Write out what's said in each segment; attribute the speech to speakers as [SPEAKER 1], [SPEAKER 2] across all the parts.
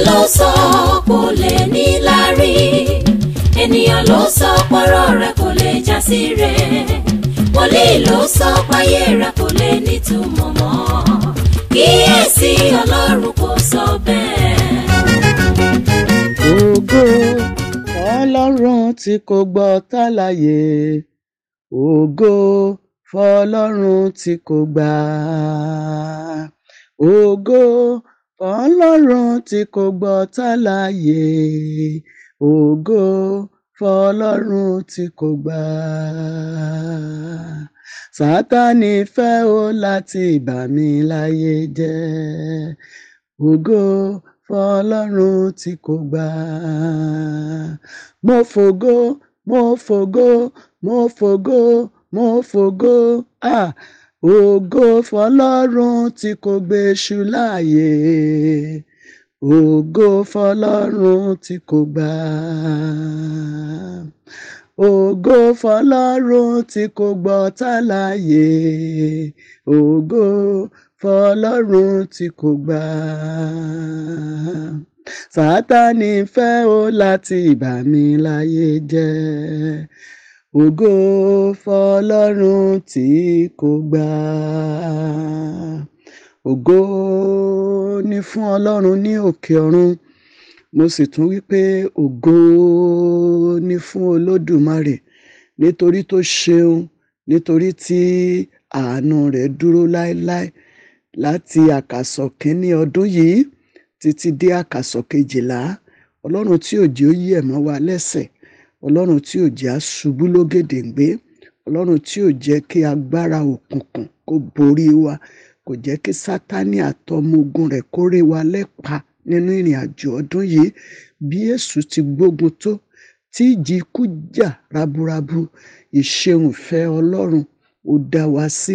[SPEAKER 1] ayé ló sọ kò lè níláárí
[SPEAKER 2] ènìyàn ló sọ pọ̀rọ̀ rẹ̀ kò lè já sí rẹ̀ wòlíì ló sọ páyé rẹ̀ kò lè nítumọ̀ mọ́ kíyèsí ọlọ́run kò sọ bẹ́ẹ̀. ògo ọlọ́run tí kò gbọ́ tálàyé ògo fọlọ́run tí kò gbà ògo fọlọ́run tí kò gbọ́tá láyé ògo fọlọ́run tí kò gbà. sátánì fẹ́ o láti bà mí láyé jẹ́ ògo fọlọ́run tí kò gbà. mo fògo mo fògo mo fògo mo fògo ah ògo fọlọ́run tí kò gbéṣù láàyè ògo fọlọ́run tí kò gbà ògo fọlọ́run tí kò gbọ́tá láàyè ògo fọlọ́run tí kò gbà sátani fẹ́ o láti bà láyé jẹ́ Ògo fọ́lọ́run tí kò gbà. Ògo ni fún Ọlọ́run ní òkè ọ̀run. Mo sì tún wí pé ògo ni fún Olódùmarè nítorí tó ṣeun, nítorí tí àánú rẹ̀ dúró láéláé láti àkàsọ̀ kínní ọdún yìí títí dé àkàsọ̀ kejìlá. Ọlọ́run tí òjò yẹ̀ mọ́ wa lẹ́sẹ̀ ọlọ́run tí ò jẹ́ aṣubú lógèdèǹgbé ọlọ́run tí ò jẹ́ kí agbára òkùnkùn kó borí wa kò jẹ́ kí sátánì àtọmọ ogun rẹ̀ kó ré wa lẹ́pa nínú ìrìn àjò ọdún yìí bí èṣù ti gbógun tó tí ìjì ikú jà raburabu ìṣeunfẹ́ ọlọ́run ó dá wa sí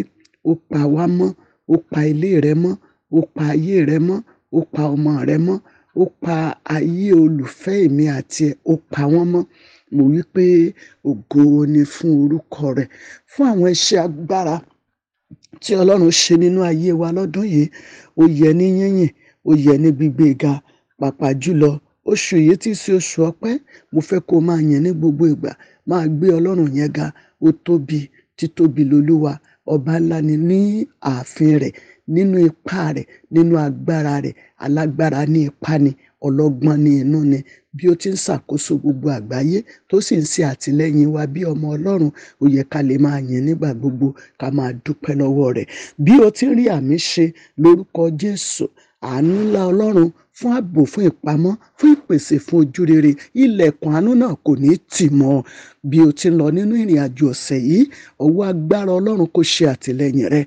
[SPEAKER 2] ó pa wá mọ́ ó pa ilé rẹ mọ́ ó pa ayé rẹ mọ́ ó pa ọmọ rẹ mọ́ ó pa ayé olùfẹ́ èmi àti ẹ ó pa wọ́n mọ́ mo wí pé ògo ni fún orúkọ rẹ̀ fún àwọn iṣẹ́ agbára tí Ọlọ́run ṣe nínú ayé wa lọ́dún yìí ó yẹ ní yínyìn ó yẹ ní gbígbé ga pàápàá jùlọ oṣù yìí tí í ṣe oṣù ọpẹ́ mo fẹ́ kó máa yìn ní gbogbo ìgbà máa gbé Ọlọ́run yẹn ga ó tóbi títóbi lolúwa ọba ńlá ni ní ààfin rẹ̀ nínú ipá rẹ̀ nínú agbára rẹ̀ alágbára ní ipá ni ọlọ́gbọ́n ní inú ni bí ó ti ń ṣàkóso gbogbo àgbáyé tó sì ń ṣe àtìlẹ́yìn wa bí ọmọ Ọlọ́run ó yẹ ká lè máa yìn nígbà gbogbo ká máa dúpẹ́ lọ́wọ́ rẹ̀ bí o ti rí àmì ṣe lórúkọ Jésù àánú ńlá Ọlọ́run fún ààbò fún ìpamọ́ fún ìpèsè fún ojú ilẹ̀kùn àánú náà kò ní tì mọ́ ọ bí o ti ń lọ nínú ìrìn àjò ọ̀sẹ̀ yìí ọwọ́ agbára ọlọ́run kó ṣe àtìlẹ́yìn rẹ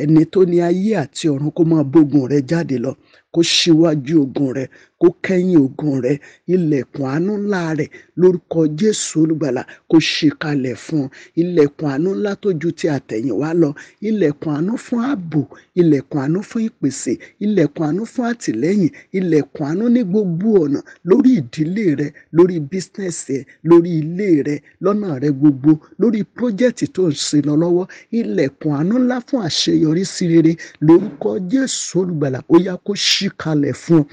[SPEAKER 2] ẹni tó ní ayé àti ọ̀run kó máa bógun rẹ jáde lọ kó ṣíwájú ogun rẹ kó kẹ́yìn ogun rẹ ilẹ̀kùn àánú ńlá rẹ lórúkọ Jésù olùgbàlà kó ṣí kalẹ̀ fún ilẹ̀kùn àánú ńlá tó ju ti àtẹ̀yìnwá lọ ilẹ̀kùn àánú fún ààbò ilẹ̀kùn àánú fún ìpèsè ilẹ̀kùn àánú fún àtìlẹ́yìn ilẹ̀kùn àánú ní gbogbo ọ̀nà lórí ìdílé rẹ lórí bísínẹsì rẹ lórí ilé rẹ lọ́nà rẹ gbogbo lórí pírójẹ́tì tó ń ṣe lọ lọ́wọ́ ilẹ̀kùn àánú ńlá fún àṣeyọrí sí rere lórúkọ Jésù olùgbàlà ó yá kó ṣí kalẹ̀ fún ọ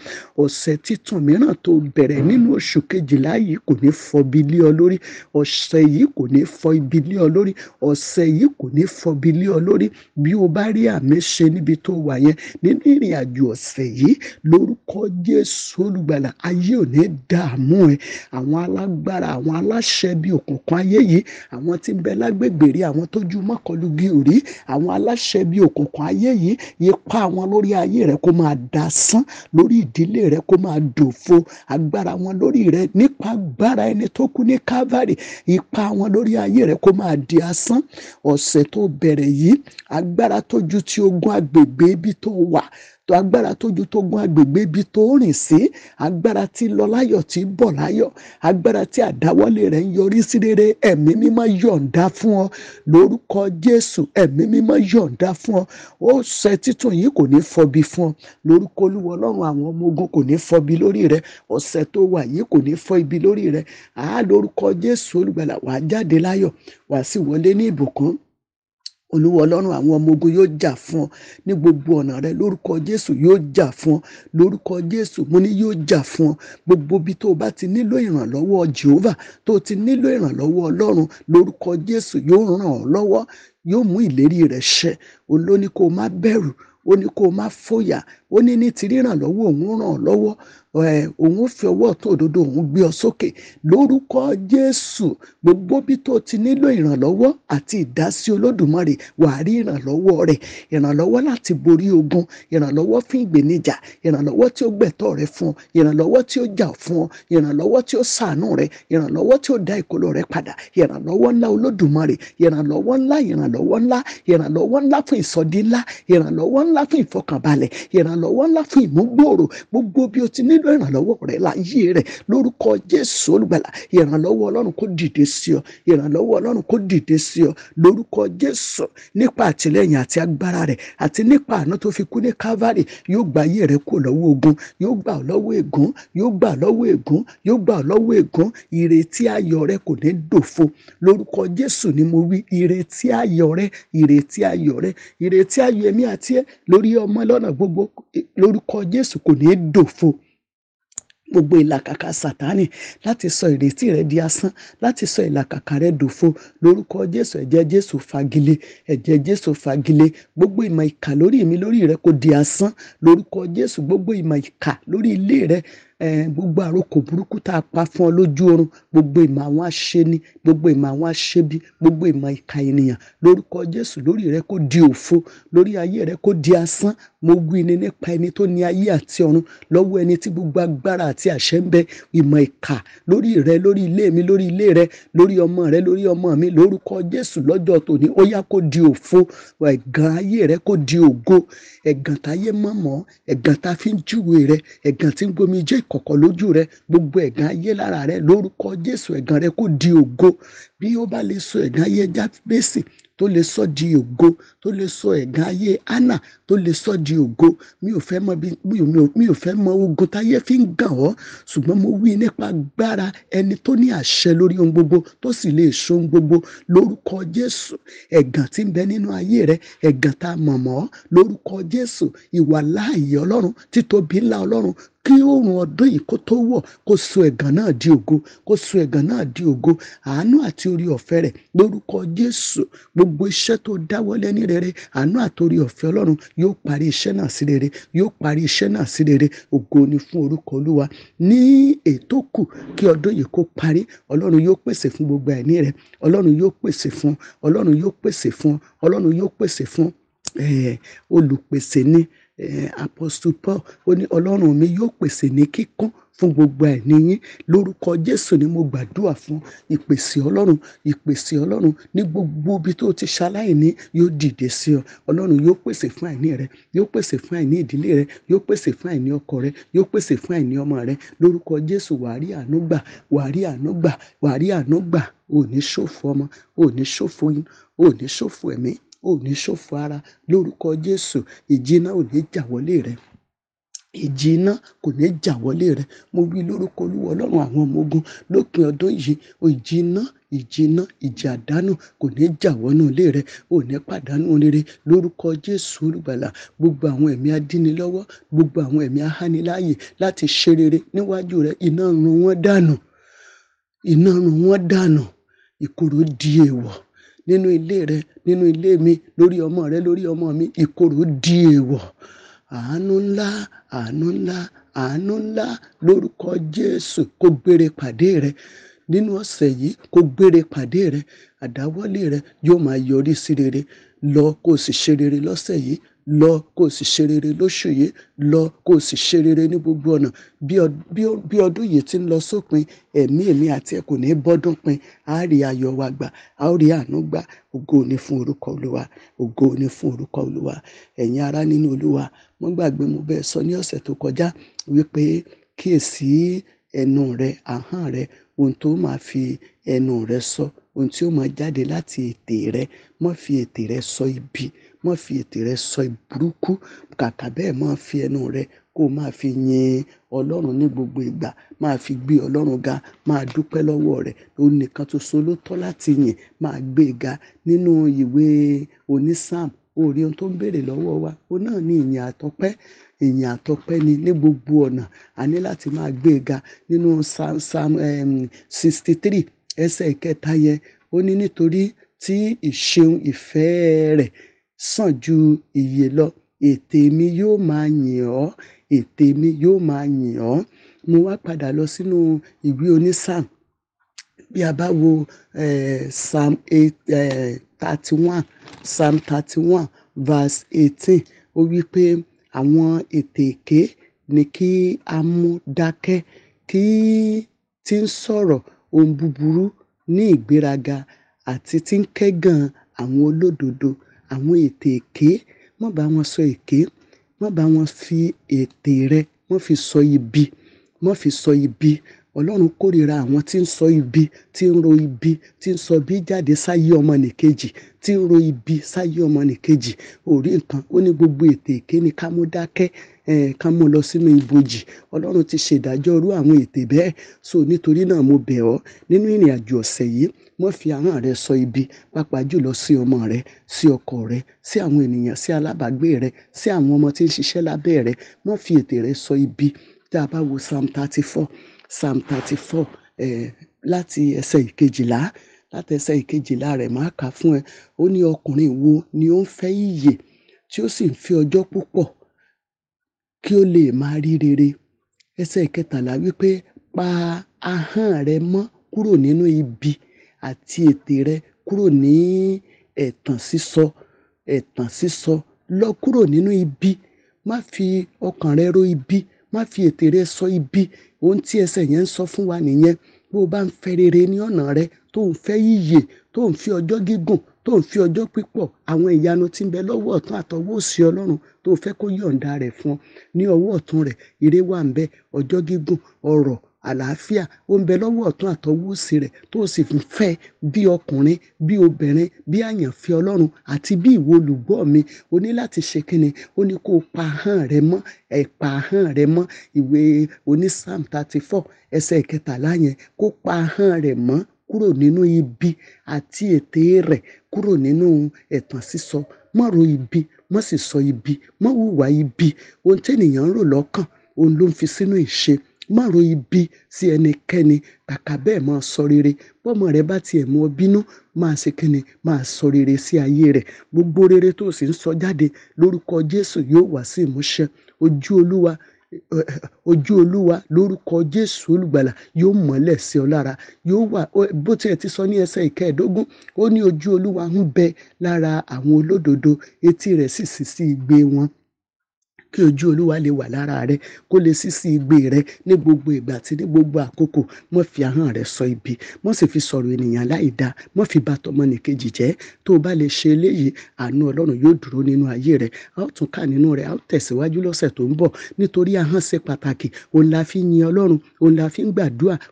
[SPEAKER 2] ọ̀sẹ̀ títun mìíràn tó bẹ̀rẹ̀ nínú oṣù kejìlá yìí kò ní fọ ibi lé ọ lórí ọ̀sẹ̀ yìí kò ní fọ ibi lé ọ lórí ọ̀sẹ̀ yìí kò ní fọ ibi ọ lórí bí o bá rí àmì ṣe níbi tó wà yẹn nínú ìrìn àjò ọ̀sẹ̀ yìí lórúkọ Jésù olùgbàlà ayé ò ní dààmú ẹ àwọn alágbára àwọn aláṣẹ bí òkun òkun ayé yìí àwọn tí ń bẹ lágbègbè rí àwọn tójú mọ́kànlú bí òrí àwọn aláṣẹ bí òkùnkùn ayé yìí ipa wọn lórí ayé rẹ kó máa dasán lórí ìdílé rẹ kó máa dòfo agbára wọn lórí rẹ nípa agbára ẹni tó kú ní Calvary ipa wọn lórí ayé rẹ kó máa di asán ọ̀sẹ̀ tó bẹ̀rẹ̀ yìí agbára tó ti ogun agbègbè ibi tó wà agbára tó ju tógun agbègbè ibi tó rìn sí agbára tí lọ láyọ̀ tí bọ̀ láyọ̀ agbára tí àdáwọ́lé rẹ̀ ń yọrí sí rere ẹ̀mí mímọ́ yọ̀ǹda fún ọ lórúkọ Jésù ẹ̀mí mímọ́ yọ̀ǹda fún ọ ó ṣe títún yìí kò ní fọbi fún ọ lórúkọ Olúwa Ọlọ́run àwọn ọmọ ogun kò ní fọbi lórí rẹ ọ̀sẹ̀ tó wà yìí kò ní fọ ibi lórí rẹ àá lórúkọ Jésù olùgbàlà wàá jáde láyọ̀ wàá sì wọlé ní ìbùkún olúwa ọlọ́run àwọn ọmọ ogun yóò jà fún ọ ní gbogbo ọ̀nà rẹ lórúkọ jésù yóò jà fún ọ lórúkọ jésù mo ní yóò jà fún ọ gbogbo ibi tó o bá ti nílò ìrànlọ́wọ́ jehova tó o ti nílò ìrànlọ́wọ́ ọlọ́run lórúkọ jésù yóò ràn ọ́ lọ́wọ́ yóò mú ìlérí rẹ ṣẹ òun ló kó o má bẹ̀rù ó ní kó o má fòyà ó ní ní ti ríràn lọ́wọ́ òun ràn ọ́ lọ́wọ́ òun fi ọwọ́ tó òdodo òun gbé ọ sókè lórúkọ Jésù gbogbo bí tó ti nílò ìrànlọ́wọ́ àti ìdásí Olódùmarè wàá rí ìrànlọ́wọ́ rẹ̀ ìrànlọ́wọ́ láti borí ogun ìrànlọ́wọ́ fún ìgbéníjà ìrànlọ́wọ́ tí ó gbẹ̀tọ́ rẹ fún ọ ìrànlọ́wọ́ tí ó jà fún ọ ìrànlọ́wọ́ tí ó ṣàánú rẹ ìrànlọ́wọ́ tí ó dá ìkolo rẹ padà ìrànlọ́wọ́ ńlá Olódùmarè ìrànlọ́wọ́ ńlá ìrànlọ́wọ́ ńlá ìrànlọ́wọ́ ńlá fún ìsọdí ńlá ìrànlọ́wọ́ ńlá fún ìfọkànbalẹ̀ ìrànlọ́wọ́ nílò ìrànlọ́wọ́ rẹ láyé rẹ lórúkọ jésù olùgbàlà ìrànlọ́wọ́ ọlọ́run kó dìde sí ọ ìrànlọ́wọ́ ọlọ́run kó dìde sí ọ lórúkọ jésù nípa àtìlẹ́yìn àti agbára rẹ àti nípa àná tó fi kú ní calvary yóò gba ayé rẹ kúrò lọ́wọ́ ogun yóò gbà ọ́ lọ́wọ́ ègún yóò gbà ọ́ lọ́wọ́ ègún yóò gbà ọ́ lọ́wọ́ ègún ìrètí ayọ̀ rẹ kò ní dòfo lórúkọ jésù ni mo wí ìrètí ayọ̀ rẹ ìrètí ayọ̀ rẹ ìrètí ayọ̀ èmi àti ẹ lórí ọmọ lọ́nà gbogbo lórúkọ jésù kò ní dòfo gbogbo ìlàkàkà sàtánì láti sọ ìrètí rẹ di asán láti sọ ìlàkàkà rẹ dòfo lórúkọ jésù ẹ̀jẹ̀ jésù fagilé ẹ̀jẹ̀ jésù fagilé gbogbo ìmọ̀ ìkà lórí mi lórí rẹ kò di asán lórúkọ jésù gbogbo ìmọ̀ ìkà lórí ilé rẹ gbogbo àrokò burúkú tá a pa fún ọ lójú oorun gbogbo ìmọ̀ àwọn aṣeni gbogbo ìmọ̀ àwọn aṣebi gbogbo ìmọ̀ ìka ènìyàn lórúkọ jésù lórí rẹ kó di òfo lórí ayé rẹ kó di asán mo wí ni nípa ẹni tó ní ayé àti ọ̀run lọ́wọ́ ẹni tí gbogbo agbára àti àṣẹ ń bẹ ìmọ̀ ìka lórí rẹ lórí ilé mi lórí ilé rẹ lórí ọmọ rẹ lórí ọmọ mi lórúkọ jésù lọ́jọ́ tòní ó yá kó di òfo ẹ̀gàn ayé rẹ kó di ògo ẹ̀gàn táyé mọ̀mọ́ ẹ̀gàn tá a fi ń júwe rẹ ẹ̀gàn tí ń gbomi jẹ́ ìkọ̀kọ̀ lójú rẹ gbogbo ẹ̀gàn ayé lára rẹ lórúkọ Jésù ẹ̀gàn rẹ kó di ògo bí ó bá lè sọ ẹ̀gàn ayé Jábésì tó lè sọ di ògo tó lè sọ ẹ̀gàn ayé Anna tó lè sọ di ògo mi ò fẹ́ mọ bí mi ò fẹ́ mọ ogun táyé fi ń gàn ọ́ ṣùgbọ́n mo wí nípa agbára ẹni tó ní àṣẹ lórí ohun gbogbo tó sì lè so ohun gbogbo lórúkọ Jésù ẹ̀gàn tí ń bẹ nínú ayé rẹ ẹ̀gàn tá a lórúkọ Jésù ìwà láàyè Ọlọ́run títóbi ńlá Ọlọ́run kí oòrùn ọdún yìí kó tó wọ̀ kó so ẹ̀gàn náà di ògo kó so ẹ̀gàn náà di ògo àánú àti orí ọ̀fẹ́ rẹ̀ lórúkọ Jésù gbogbo iṣẹ́ tó dáwọ́lé ní rere àánú àti orí ọ̀fẹ́ Ọlọ́run yóò parí iṣẹ́ náà sí rere yóò parí iṣẹ́ náà sí rere ògo ni fún orúkọ Olúwa ní ètò kù kí ọdún yìí kó parí Ọlọ́run yóò pèsè fún gbogbo àìní rẹ Ọlọ́run yóò pèsè fún Ọlọ́run yóò pèsè fún Ọlọ́run yóò pèsè fún olùpèsè ni Eh, Apostle Paul ó ní Ọlọ́run mi yóò pèsè ní kíkún fún gbogbo àìní yín lórúkọ Jésù ni mo gbàdúrà fún ìpèsè Ọlọ́run ìpèsè Ọlọ́run ní gbogbo ibi tó ti ṣaláìní yóò dìde sí ọ Ọlọ́run yóò pèsè fún àìní rẹ yóò pèsè fún àìní ìdílé rẹ yóò pèsè fún àìní ọkọ rẹ yóò pèsè fún àìní ọmọ rẹ lórúkọ Jésù wàá rí àánú gbà wàá rí àánú gbà wàá rí àánú gbà ò ní ṣòfò ọmọ ò ní ṣòfò yín ò ní ṣòfò ẹ̀mí ò ní ṣòfò ara lórúkọ Jésù ìjìnà ò ní jà wọlé rẹ ìjì iná kò ní jà wọlé rẹ mo wí lórúkọ olúwa ọlọ́run àwọn ọmọ ogun lópin ọdún yìí ìjì iná ìjì iná ìjì àdánù kò ní jà wọnú ilé rẹ ò ní pàdánù rere lórúkọ jésù olùgbàlà gbogbo àwọn ẹ̀mí adínilọ́wọ́ gbogbo àwọn ẹ̀mí ahániláàyè láti ṣe rere níwájú rẹ iná run wọ́n dànù iná run wọ́n dànù ìkorò di èèwọ̀ nínú ilé rẹ nínú ilé mi lórí ọmọ rẹ lórí ọmọ mi ìkorò di èèwọ̀ àánú ńlá àánú ńlá àánú ńlá lórúkọ Jésù kó gbére pàdé rẹ nínú ọ̀sẹ̀ yìí kó gbére pàdé rẹ àdáwọ́lé rẹ yóò máa yọrí sí rere lọ kó o sì ṣe rere lọ́sẹ̀ yìí lọ kó o sì ṣe rere lóṣù yìí lọ kó o sì ṣe rere ní gbogbo ọ̀nà bí ọdún yìí ti ń lọ sópin ẹ̀mí èmi àti ẹ kò ní bọ́dún pin a rí ayọ̀ wa gbà a rí àánú gbà ògo ni fún orúkọ olúwa ògo ni fún orúkọ olúwa ẹ̀yin ará nínú olúwa mo gbàgbé mo bẹ́ẹ̀ sọ ní ọ̀sẹ̀ tó kọjá wípé kíyèsí ẹnu rẹ ahọ́n rẹ ohun tó máa fi ẹnu rẹ sọ ohun tí ó máa jáde láti ètè rẹ má fi ètè rẹ sọ ibi má fi ètè rẹ sọ ìburúkú kàkà bẹ́ẹ̀ má fi ẹnu rẹ kó o máa fi yin ọlọ́run ní gbogbo ìgbà máa fi gbé ọlọ́run ga máa dúpẹ́ lọ́wọ́ rẹ̀ òun nìkan ṣoṣo ló tọ́ láti yìn máa gbé e ga nínú ìwé onísáàmù orí ohun tó ń béèrè lọ́wọ́ wa òun náà ní ìyìn àtọpẹ́ ìyìn àtọpẹ́ ni ní gbogbo ọ̀nà a ní láti máa gbé e ga nínú psalm ehm, sixty three ẹsẹ̀ ìkẹta yẹn ó ní nítorí tí ìṣeun ìfẹ́ rẹ̀ sàn ju ìyè lọ ètè mi yóò máa yìn ọ́ ètè mi yóò máa yìn ọ́ mo wá padà lọ sínú ìwé onísàm bí a bá wo psalm thirty one psalm thirty one verse eighteen ó wí pé àwọn ètè èké ni kí a mú dákẹ́ kí tí ń sọ̀rọ̀ ohun búburú ní ìgbéraga àti tí ń kẹ́gàn àwọn olódodo, àwọn ètè èké. Má bá wọn sọ èké. Má bá wọn fi ètè rẹ, má fi sọ ibi. Má fi sọ ibi ọlọ́run kórìíra àwọn tí ń sọ ibi tí ń ro ibi tí ń sọ bí jáde sáyé ọmọnìkejì tí ń ro ibi sáyé ọmọnìkejì orí nǹkan ó ní gbogbo ètè èké ni ká mú dákẹ́ ká mú lọ sínú ibojì ọlọ́run ti ṣèdájọ́ irú àwọn ètè bẹ́ẹ̀ so nítorí náà mo bẹ̀ ọ́ nínú ìrìn àjò ọ̀sẹ̀ yìí mo fi ahọ́n rẹ sọ ibi pàápàá jùlọ sí ọmọ rẹ sí ọkọ rẹ sí àwọn ènìyàn sí alábàágbé rẹ sí àwọn ọmọ tí ń ṣiṣẹ́ lábẹ́ rẹ mo fi ètè rẹ sọ ibi tá a bá wo psalm thirty four psalm thirty four eh, láti ẹsẹ̀ ìkejìlá láti ẹsẹ̀ ìkejìlá rẹ̀ máa kà fún ẹ ó ní ọkùnrin wo ni ó ń fẹ́ ìyè tí ó sì ń fi ọjọ́ púpọ̀ kí ó lè máa rí rere ẹsẹ̀ ìkẹtàlá wípé pa ahọ́n rẹ mọ́ kúrò nínú ibi àti ètè rẹ kúrò ní ẹ̀tàn sísọ ẹ̀tàn sísọ lọ kúrò nínú ibi má fi ọkàn rẹ ro ibi má fi ètè sọ ibi ohun tí ẹsẹ̀ yẹn ń sọ fún wa nìyẹn bó o bá ń fẹ́ rere ní ọ̀nà rẹ tó ń fẹ́ yíyè tó ń fi ọjọ́ gígùn tó ń fi ọjọ́ pípọ̀ àwọn ìyanu tí ń bẹ lọ́wọ́ ọ̀tún àtọwọ́ òsì ọlọ́run tó fẹ́ kó yọ̀ǹda rẹ̀ fún ọ ní ọwọ́ ọ̀tún rẹ̀ ire wà ń bẹ ọjọ́ gígùn ọrọ̀ àlàáfíà ó ń bẹ lọ́wọ́ ọ̀tún àtọwọ́ òsì rẹ̀ tó sì ń fẹ́ bí ọkùnrin bí obìnrin bí àyànfẹ́ ọlọ́run àti bí ìwọ olùgbọ́ mi o ní láti ṣe kíni ó ní kó o pa ahọ́n rẹ mọ́ ẹ̀ pa ahọ́n rẹ mọ́ ìwé oní psalm thirty four ẹsẹ̀ kẹtàlá yẹn kó pa ahọ́n rẹ mọ́ kúrò nínú ibi àti ètè rẹ̀ kúrò nínú ẹ̀tàn sísọ má ibi má sì sọ ibi má hùwà ibi ohun tẹ́nìyàn ń rò lọ́kàn òun ló ń fi sínú ìṣe má ro ibi sí ẹnikẹ́ni kàkà bẹ́ẹ̀ máa sọ rere bọ́mọ rẹ bá tiẹ̀ mú ọ bínú máa ṣe kíni máa sọ rere sí ayé rẹ gbogbo rere tó sì ń sọ jáde lórúkọ Jésù yóò wá sí ìmúṣẹ ojú Olúwa ojú olúwa lórúkọ jésù olùgbàlà yóò mọ́lẹ̀ sí ọ lára yóò wà bó tiẹ̀ ti sọ ní ẹsẹ̀ ìkẹẹ̀ẹ́dógún ó ní ojú olúwa ń bẹ lára àwọn olódodo etí rẹ̀ sì sì sí igbe wọn kí ojú olúwa lè wà lára rẹ kó lè sísí igbe rẹ ní gbogbo ìgbà àti ní gbogbo àkókò mọ́ fi ahọ́n rẹ sọ ibi mọ́ sì fi sọ̀rọ̀ ènìyàn láì dáa mọ́ fi bà tọmọnìkejì jẹ́ tó o bá lè ṣe eléyìí àánú ọlọ́run yóò dúró nínú ayé rẹ a ó tún ká nínú rẹ a ó tẹ̀síwájú lọ́sẹ̀ tó ń bọ̀ nítorí ahọ́n ṣe pàtàkì òun la fi yin ọlọ́run òun la fi ń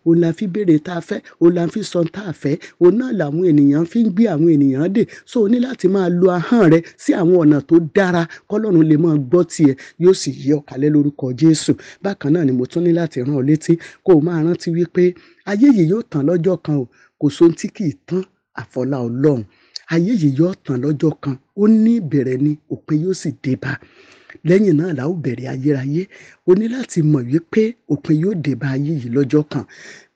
[SPEAKER 2] òun la fi béèrè tá a fẹ́ òun la fi sọ tá a fẹ́ òun náà làwọn ènìyàn fi ń gbé àwọn ènìyàn dè so o ní láti máa lo ahọ́n rẹ sí àwọn ọ̀nà tó dára kọ́lọ́run lè máa gbọ́ tiẹ̀ yóò sì yí ọ̀kálẹ́ lórúkọ Jésù bákan náà ni mo tún ní láti rán ọ létí kó o máa rántí wípé ayé yìí yóò tán lọ́jọ́ kan o kò sóhun tí kì í tán àfọlá Ọlọ́run ayé yìí yóò tán lọ́jọ́ kan ó ní ìbẹ̀rẹ̀ ni òpin yóò sì dé bá lẹ́yìn náà la ó bẹ̀rẹ̀ ayérayé o ní láti mọ̀ wípé òpin yóò dé bá ayé yìí lọ́jọ́ kan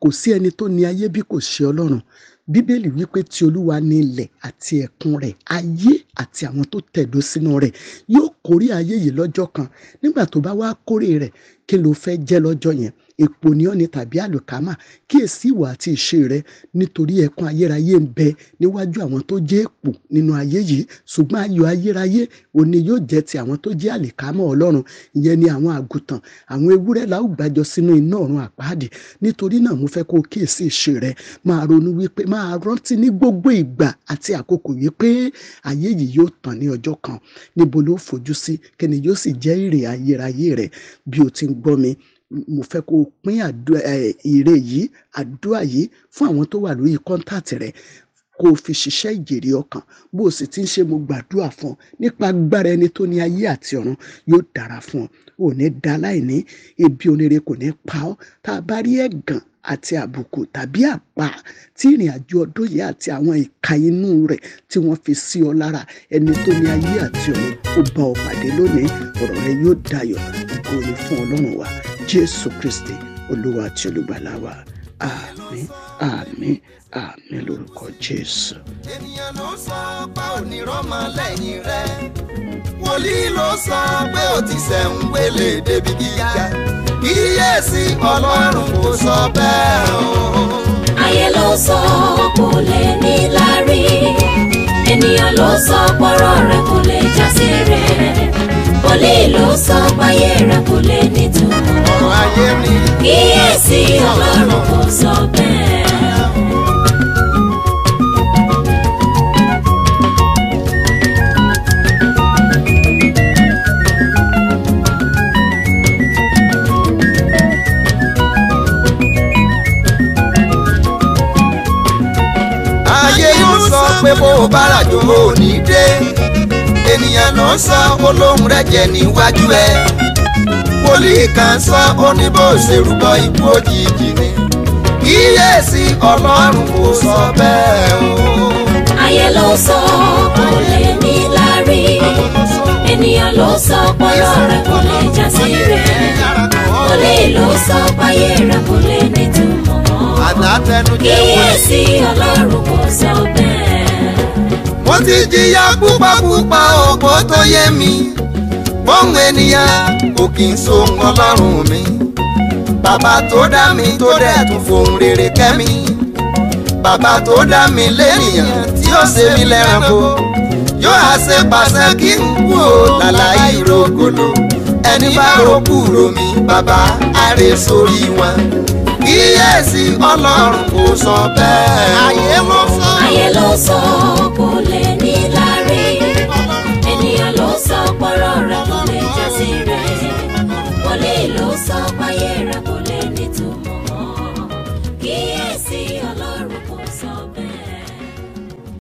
[SPEAKER 2] kò sí ẹni tó ní ayé bí kò ṣe Ọlọ́run bíbélì wípé ti olúwa ni ilẹ̀ àti ẹ̀kún rẹ̀ ayé àti àwọn tó tẹ̀dó sínú rẹ̀ yóò kórè ayé yìí lọ́jọ́ kan nígbà tó bá wá kórè rẹ̀ kí ló fẹ́ jẹ́ lọ́jọ́ yẹn èpò ni ọ́ ni tàbí àlùkámà kíyèsí ìwà àti ìṣe rẹ nítorí ẹkún ayérayé ń bẹ níwájú àwọn tó jẹ́ èpò nínú ayé yìí ṣùgbọ́n ayọ̀ ayérayé òní yóò jẹ́ ti àwọn tó jẹ́ àlùkámà ọlọ́run ìyẹn ni àwọn àgùntàn àwọn ewúrẹ́ la gbàjọ sínú iná ọ̀run àpáàdì nítorí náà mo fẹ́ kó kíyèsí ìṣe rẹ máa ronú wípé má máa rántí ní gbogbo ìgbà àti àkókò yìí pé ayé yìí yóò tàn ní ọjọ́ kan níbo ló fojú sí kí ni yóò sì jẹ́ èrè ayérayé rẹ bí o ti ń gbọ́ mi mo fẹ́ kó o pín ire yìí àdúrà yìí fún àwọn tó wà lórí kọ́ńtàtì rẹ kó o fi ṣiṣẹ́ ìjèrè ọkàn bó o sì ti ń ṣe mo gbàdúrà fún ọ nípa agbára ẹni tó ní ayé àti ọ̀run yóò dára fún ọ ò ní da láìní ibi onire kò ní pa ọ́ tá a bá rí ẹ̀gàn àti àbùkù tàbí àpá tí ìrìn àjò ọdún yìí àti àwọn ìka inú rẹ̀ tí wọ́n fi sí ọ lára ẹni tó ní ayé àti ọ̀run ó bá ọ pàdé lónìí ọ̀rọ̀ rẹ yóò dayọ̀ ògo ni fún ọlọ́run wa jésù kristi olúwa àti olùgbàlà wa àmín àmín àmín lórúkọ jésù. ènìyàn ló sọ pé onírọ́mọ lẹ́yìn rẹ̀ wòlíì ló sọ pé ó ti sẹ̀ń gbélé débi gíga kíyèsí ọlọ́run kò sọ bẹ́ẹ̀ o. ayé ló sọ kò lè ní láárí ènìyàn ló sọ pọ́rọ̀ rẹ̀ kò lè já sí rẹ̀
[SPEAKER 1] wòlíì ló sọ páyé rẹ̀
[SPEAKER 2] kò lè nítumọ̀. ayé mi sí ọlọ́run kò sọ bẹ́ẹ̀. ayé ń sọ pé bó o bá ràjò ò ní dé ènìyàn náà sọ olóhùn rẹ̀ jẹ́ níwájú ẹ wòlíì kan sọ oníbòṣèrúbọ ikú òjijì ni kíyèsí ọlọ́run kò sọ bẹ́ẹ̀ o. ayé ló sọ kò lè ní lárí ènìyàn ló sọ pọ́lọ́ rẹ̀ kò lè já sí rẹ̀ wòlíì ló sọ páyé rẹ̀ kò lè nítumọ̀ kíyèsí ọlọ́run kò sọ bẹ́ẹ̀. mo ti jìyà púpà púpà ọ̀pọ̀ tó yé mi ṣùgbọ́n ènìyàn kò kì í so ọlọ́run mi bàbá tó dá mi tó dẹ̀ tún fohùn rere kẹ́mi bàbá tó dá mi lẹ́nìyàn tí ó ṣe mí lẹ́ranko yóò á ṣe pàṣẹ kí n kú o làlàyé ìrògòlò ẹni bá ròkú romi bàbá àrè sórí wọn kíyèsí ọlọ́run kò sọ bẹ́ẹ̀ o. ayé ló sọ ayé ló sọ kò lè.